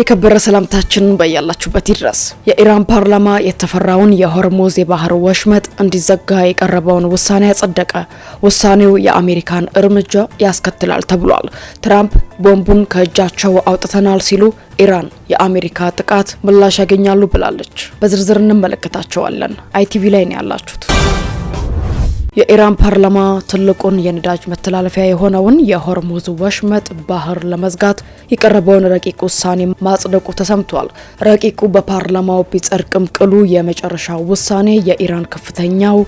የከበረ ሰላምታችን በያላችሁበት ይድረስ። የኢራን ፓርላማ የተፈራውን የሆርሙዝ የባህር ወሽመጥ እንዲዘጋ የቀረበውን ውሳኔ ያጸደቀ። ውሳኔው የአሜሪካን እርምጃ ያስከትላል ተብሏል። ትራምፕ ቦምቡን ከእጃቸው አውጥተናል ሲሉ ኢራን የአሜሪካ ጥቃት ምላሽ ያገኛሉ ብላለች። በዝርዝር እንመለከታቸዋለን። አይቲቪ ላይ ነው ያላችሁት። የኢራን ፓርላማ ትልቁን የነዳጅ መተላለፊያ የሆነውን የሆርሙዝ ወሽመጥ ባህር ለመዝጋት የቀረበውን ረቂቅ ውሳኔ ማጽደቁ ተሰምቷል። ረቂቁ በፓርላማው ቢጸድቅም ቅሉ የመጨረሻ ውሳኔ የኢራን ከፍተኛው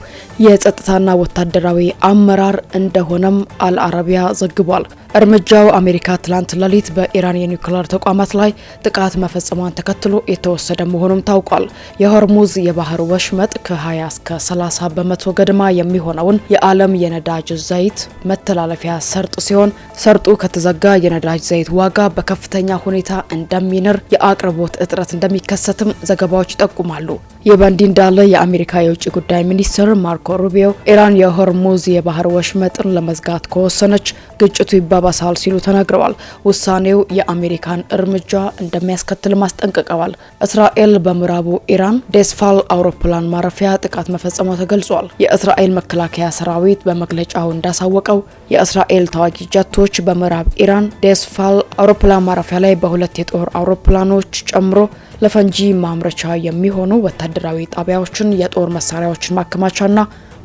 የጸጥታና ወታደራዊ አመራር እንደሆነም አልአረቢያ ዘግቧል። እርምጃው አሜሪካ ትላንት ሌሊት በኢራን የኒውክሌር ተቋማት ላይ ጥቃት መፈጸሟን ተከትሎ የተወሰደ መሆኑም ታውቋል። የሆርሙዝ የባህር ወሽመጥ ከ20 እስከ 30 በመቶ ገድማ የሚሆነው የተከናወነውን የዓለም የነዳጅ ዘይት መተላለፊያ ሰርጥ ሲሆን ሰርጡ ከተዘጋ የነዳጅ ዘይት ዋጋ በከፍተኛ ሁኔታ እንደሚንር፣ የአቅርቦት እጥረት እንደሚከሰትም ዘገባዎች ይጠቁማሉ። ይህ በእንዲህ እንዳለ የአሜሪካ የውጭ ጉዳይ ሚኒስትር ማርኮ ሩቢዮ ኢራን የሆርሙዝ የባህር ወሽመጥን ለመዝጋት ከወሰነች ግጭቱ ይባባሳል ሲሉ ተናግረዋል። ውሳኔው የአሜሪካን እርምጃ እንደሚያስከትል ማስጠንቀቀዋል። እስራኤል በምዕራቡ ኢራን ዴስፋል አውሮፕላን ማረፊያ ጥቃት መፈጸሟ ተገልጿል። የእስራኤል መከላከያ ሰራዊት በመግለጫው እንዳሳወቀው የእስራኤል ተዋጊ ጀቶች በምዕራብ ኢራን ዴስፋል አውሮፕላን ማረፊያ ላይ በሁለት የጦር አውሮፕላኖች ጨምሮ ለፈንጂ ማምረቻ የሚሆኑ ወታደራዊ ጣቢያዎችን፣ የጦር መሳሪያዎችን ማከማቻና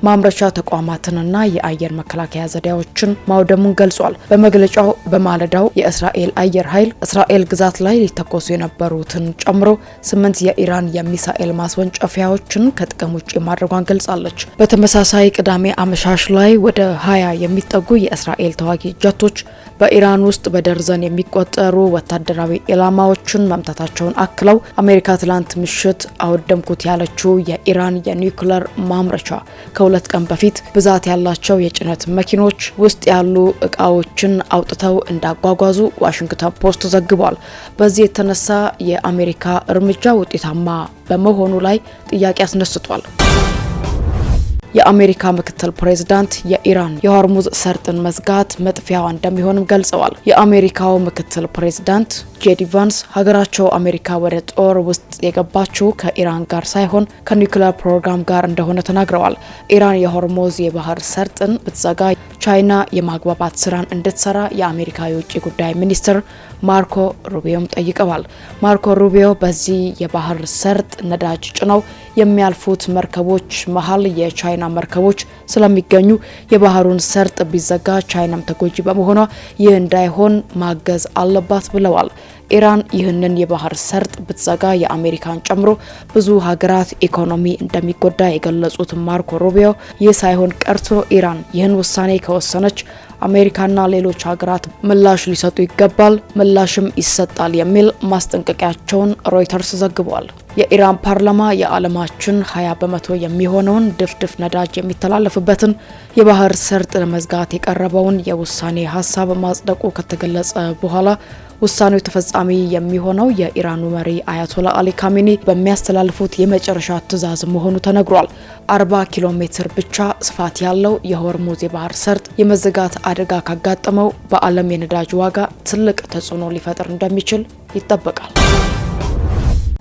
ማምረቻ ተቋማትንና የአየር መከላከያ ዘዴዎችን ማውደሙን ገልጿል። በመግለጫው በማለዳው የእስራኤል አየር ኃይል እስራኤል ግዛት ላይ ሊተኮሱ የነበሩትን ጨምሮ ስምንት የኢራን የሚሳኤል ማስወንጨፊያዎችን ከጥቅም ውጭ ማድረጓን ገልጻለች። በተመሳሳይ ቅዳሜ አመሻሽ ላይ ወደ ሀያ የሚጠጉ የእስራኤል ተዋጊ ጀቶች በኢራን ውስጥ በደርዘን የሚቆጠሩ ወታደራዊ ኢላማዎችን መምታታቸውን አክለው አሜሪካ ትላንት ምሽት አወደምኩት ያለችው የኢራን የኒውክለር ማምረቻ ከሁለት ቀን በፊት ብዛት ያላቸው የጭነት መኪኖች ውስጥ ያሉ እቃዎችን አውጥተው እንዳጓጓዙ ዋሽንግተን ፖስት ዘግቧል። በዚህ የተነሳ የአሜሪካ እርምጃ ውጤታማ በመሆኑ ላይ ጥያቄ አስነስቷል። የአሜሪካ ምክትል ፕሬዝዳንት የኢራን የሆርሙዝ ሰርጥን መዝጋት መጥፊያዋ እንደሚሆንም ገልጸዋል። የአሜሪካው ምክትል ፕሬዝዳንት ጄዲ ቫንስ ሀገራቸው አሜሪካ ወደ ጦር ውስጥ የገባችው ከኢራን ጋር ሳይሆን ከኒውክሌር ፕሮግራም ጋር እንደሆነ ተናግረዋል። ኢራን የሆርሞዝ የባህር ሰርጥን ብትዘጋ ቻይና የማግባባት ስራን እንድትሰራ የአሜሪካ የውጭ ጉዳይ ሚኒስትር ማርኮ ሩቢዮም ጠይቀዋል። ማርኮ ሩቢዮ በዚህ የባህር ሰርጥ ነዳጅ ጭነው የሚያልፉት መርከቦች መሀል የቻይና መርከቦች ስለሚገኙ የባህሩን ሰርጥ ቢዘጋ ቻይናም ተጎጂ በመሆኗ ይህ እንዳይሆን ማገዝ አለባት ብለዋል። ኢራን ይህንን የባህር ሰርጥ ብትዘጋ የአሜሪካን ጨምሮ ብዙ ሀገራት ኢኮኖሚ እንደሚጎዳ የገለጹት ማርኮ ሩቢዮ ይህ ሳይሆን ቀርቶ ኢራን ይህን ውሳኔ ከወሰነች አሜሪካና ሌሎች ሀገራት ምላሽ ሊሰጡ ይገባል፣ ምላሽም ይሰጣል የሚል ማስጠንቀቂያቸውን ሮይተርስ ዘግቧል። የኢራን ፓርላማ የዓለማችን 20 በመቶ የሚሆነውን ድፍድፍ ነዳጅ የሚተላለፍበትን የባህር ሰርጥ ለመዝጋት የቀረበውን የውሳኔ ሀሳብ ማጽደቁ ከተገለጸ በኋላ ውሳኔው ተፈጻሚ የሚሆነው የኢራኑ መሪ አያቶላ አሊ ካሚኒ በሚያስተላልፉት የመጨረሻ ትዕዛዝ መሆኑ ተነግሯል። 40 ኪሎ ሜትር ብቻ ስፋት ያለው የሆርሙዝ የባህር ሰርጥ የመዘጋት አደጋ ካጋጠመው በዓለም የነዳጅ ዋጋ ትልቅ ተጽዕኖ ሊፈጥር እንደሚችል ይጠበቃል።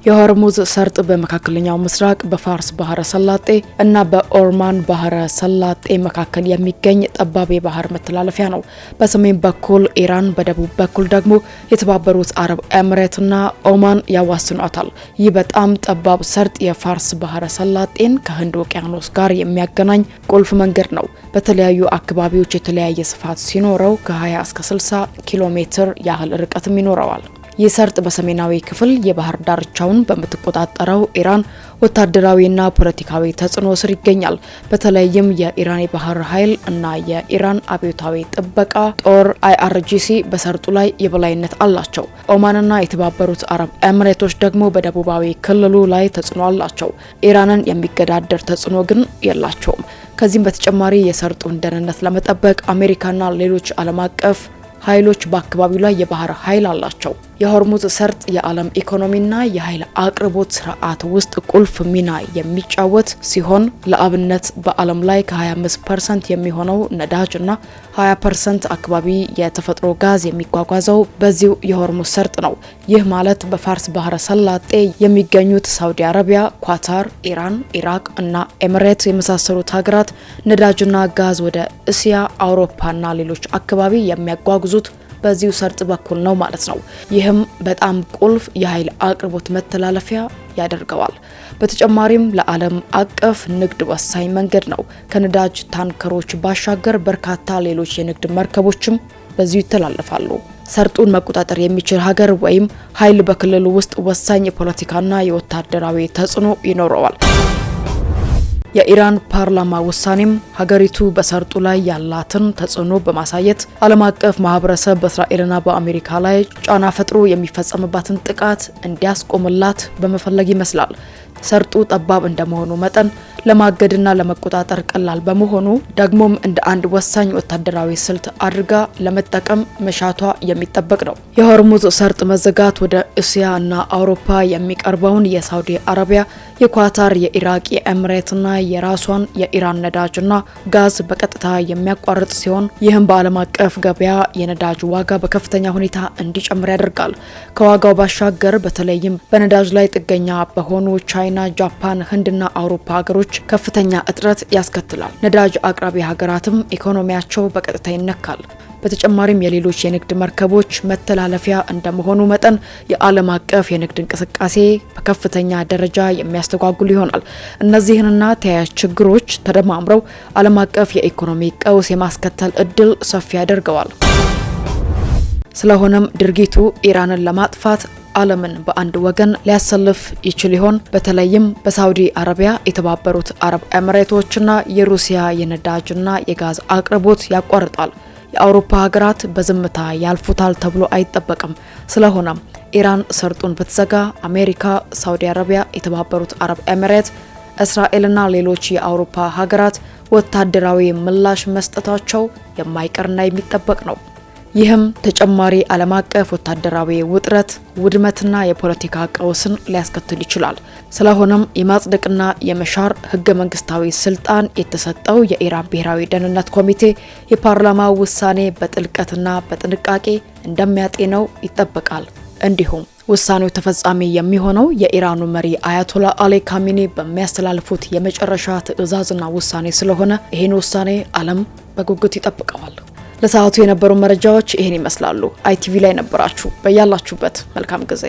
የሆርሙዝ ሰርጥ በመካከለኛው ምስራቅ በፋርስ ባህረ ሰላጤ እና በኦርማን ባህረ ሰላጤ መካከል የሚገኝ ጠባብ የባህር መተላለፊያ ነው። በሰሜን በኩል ኢራን፣ በደቡብ በኩል ደግሞ የተባበሩት አረብ ኤምሬትና ኦማን ያዋስኗታል። ይህ በጣም ጠባብ ሰርጥ የፋርስ ባህረ ሰላጤን ከህንድ ውቅያኖስ ጋር የሚያገናኝ ቁልፍ መንገድ ነው። በተለያዩ አካባቢዎች የተለያየ ስፋት ሲኖረው ከ20 እስከ 60 ኪሎ ሜትር ያህል ርቀትም ይኖረዋል። ይህ ሰርጥ በሰሜናዊ ክፍል የባህር ዳርቻውን በምትቆጣጠረው ኢራን ወታደራዊና ፖለቲካዊ ተጽዕኖ ስር ይገኛል። በተለይም የኢራን የባህር ኃይል እና የኢራን አብዮታዊ ጥበቃ ጦር አይአርጂሲ በሰርጡ ላይ የበላይነት አላቸው። ኦማንና የተባበሩት አረብ ኤምሬቶች ደግሞ በደቡባዊ ክልሉ ላይ ተጽዕኖ አላቸው። ኢራንን የሚገዳደር ተጽዕኖ ግን የላቸውም። ከዚህም በተጨማሪ የሰርጡን ደህንነት ለመጠበቅ አሜሪካና ሌሎች ዓለም አቀፍ ኃይሎች በአካባቢው ላይ የባህር ኃይል አላቸው። የሆርሙዝ ሰርጥ የዓለም ኢኮኖሚና የኃይል አቅርቦት ስርዓት ውስጥ ቁልፍ ሚና የሚጫወት ሲሆን ለአብነት በዓለም ላይ ከ25 ፐርሰንት የሚሆነው ነዳጅ እና 20 ፐርሰንት አካባቢ የተፈጥሮ ጋዝ የሚጓጓዘው በዚሁ የሆርሙዝ ሰርጥ ነው። ይህ ማለት በፋርስ ባህረ ሰላጤ የሚገኙት ሳውዲ አረቢያ፣ ኳታር፣ ኢራን፣ ኢራቅ እና ኤምሬት የመሳሰሉት ሀገራት ነዳጅና ጋዝ ወደ እስያ፣ አውሮፓና ሌሎች አካባቢ የሚያጓጉዙት በዚሁ ሰርጥ በኩል ነው ማለት ነው። ይህም በጣም ቁልፍ የኃይል አቅርቦት መተላለፊያ ያደርገዋል። በተጨማሪም ለዓለም አቀፍ ንግድ ወሳኝ መንገድ ነው። ከነዳጅ ታንከሮች ባሻገር በርካታ ሌሎች የንግድ መርከቦችም በዚሁ ይተላለፋሉ። ሰርጡን መቆጣጠር የሚችል ሀገር ወይም ኃይል በክልሉ ውስጥ ወሳኝ የፖለቲካና የወታደራዊ ተጽዕኖ ይኖረዋል። የኢራን ፓርላማ ውሳኔም ሀገሪቱ በሰርጡ ላይ ያላትን ተጽዕኖ በማሳየት ዓለም አቀፍ ማህበረሰብ በእስራኤልና በአሜሪካ ላይ ጫና ፈጥሮ የሚፈጸምባትን ጥቃት እንዲያስቆምላት በመፈለግ ይመስላል። ሰርጡ ጠባብ እንደመሆኑ መጠን ለማገድና ለመቆጣጠር ቀላል በመሆኑ ደግሞም እንደ አንድ ወሳኝ ወታደራዊ ስልት አድርጋ ለመጠቀም መሻቷ የሚጠበቅ ነው። የሆርሙዝ ሰርጥ መዘጋት ወደ እስያ እና አውሮፓ የሚቀርበውን የሳውዲ አረቢያ፣ የኳታር፣ የኢራቅ፣ የኤምሬትና የራሷን የኢራን ነዳጅና ጋዝ በቀጥታ የሚያቋርጥ ሲሆን ይህም በዓለም አቀፍ ገበያ የነዳጅ ዋጋ በከፍተኛ ሁኔታ እንዲጨምር ያደርጋል። ከዋጋው ባሻገር በተለይም በነዳጅ ላይ ጥገኛ በሆኑ ቻይና፣ ጃፓን፣ ህንድና አውሮፓ ሀገሮች ከፍተኛ እጥረት ያስከትላል። ነዳጅ አቅራቢ ሀገራትም ኢኮኖሚያቸው በቀጥታ ይነካል። በተጨማሪም የሌሎች የንግድ መርከቦች መተላለፊያ እንደመሆኑ መጠን የዓለም አቀፍ የንግድ እንቅስቃሴ በከፍተኛ ደረጃ የሚያስተጓጉል ይሆናል። እነዚህንና ተያያዥ ችግሮች ተደማምረው ዓለም አቀፍ የኢኮኖሚ ቀውስ የማስከተል እድል ሰፊ ያደርገዋል። ስለሆነም ድርጊቱ ኢራንን ለማጥፋት ዓለምን በአንድ ወገን ሊያሰልፍ ይችል ይሆን? በተለይም በሳውዲ አረቢያ፣ የተባበሩት አረብ ኤምሬቶችና የሩሲያ የነዳጅና የጋዝ አቅርቦት ያቋርጣል። የአውሮፓ ሀገራት በዝምታ ያልፉታል ተብሎ አይጠበቅም። ስለሆነም ኢራን ሰርጡን ብትዘጋ አሜሪካ፣ ሳውዲ አረቢያ፣ የተባበሩት አረብ እስራኤል እስራኤልና ሌሎች የአውሮፓ ሀገራት ወታደራዊ ምላሽ መስጠታቸው የማይቀርና የሚጠበቅ ነው። ይህም ተጨማሪ ዓለም አቀፍ ወታደራዊ ውጥረት ውድመትና የፖለቲካ ቀውስን ሊያስከትል ይችላል። ስለሆነም የማጽደቅና የመሻር ህገ መንግስታዊ ስልጣን የተሰጠው የኢራን ብሔራዊ ደህንነት ኮሚቴ የፓርላማ ውሳኔ በጥልቀትና በጥንቃቄ እንደሚያጤነው ይጠበቃል። እንዲሁም ውሳኔው ተፈጻሚ የሚሆነው የኢራኑ መሪ አያቶላ አሊ ካሚኒ በሚያስተላልፉት የመጨረሻ ትዕዛዝና ውሳኔ ስለሆነ ይህን ውሳኔ ዓለም በጉጉት ይጠብቀዋል። ለሰዓቱ የነበሩ መረጃዎች ይህን ይመስላሉ። አይቲቪ ላይ ነበራችሁ። በያላችሁበት መልካም ጊዜ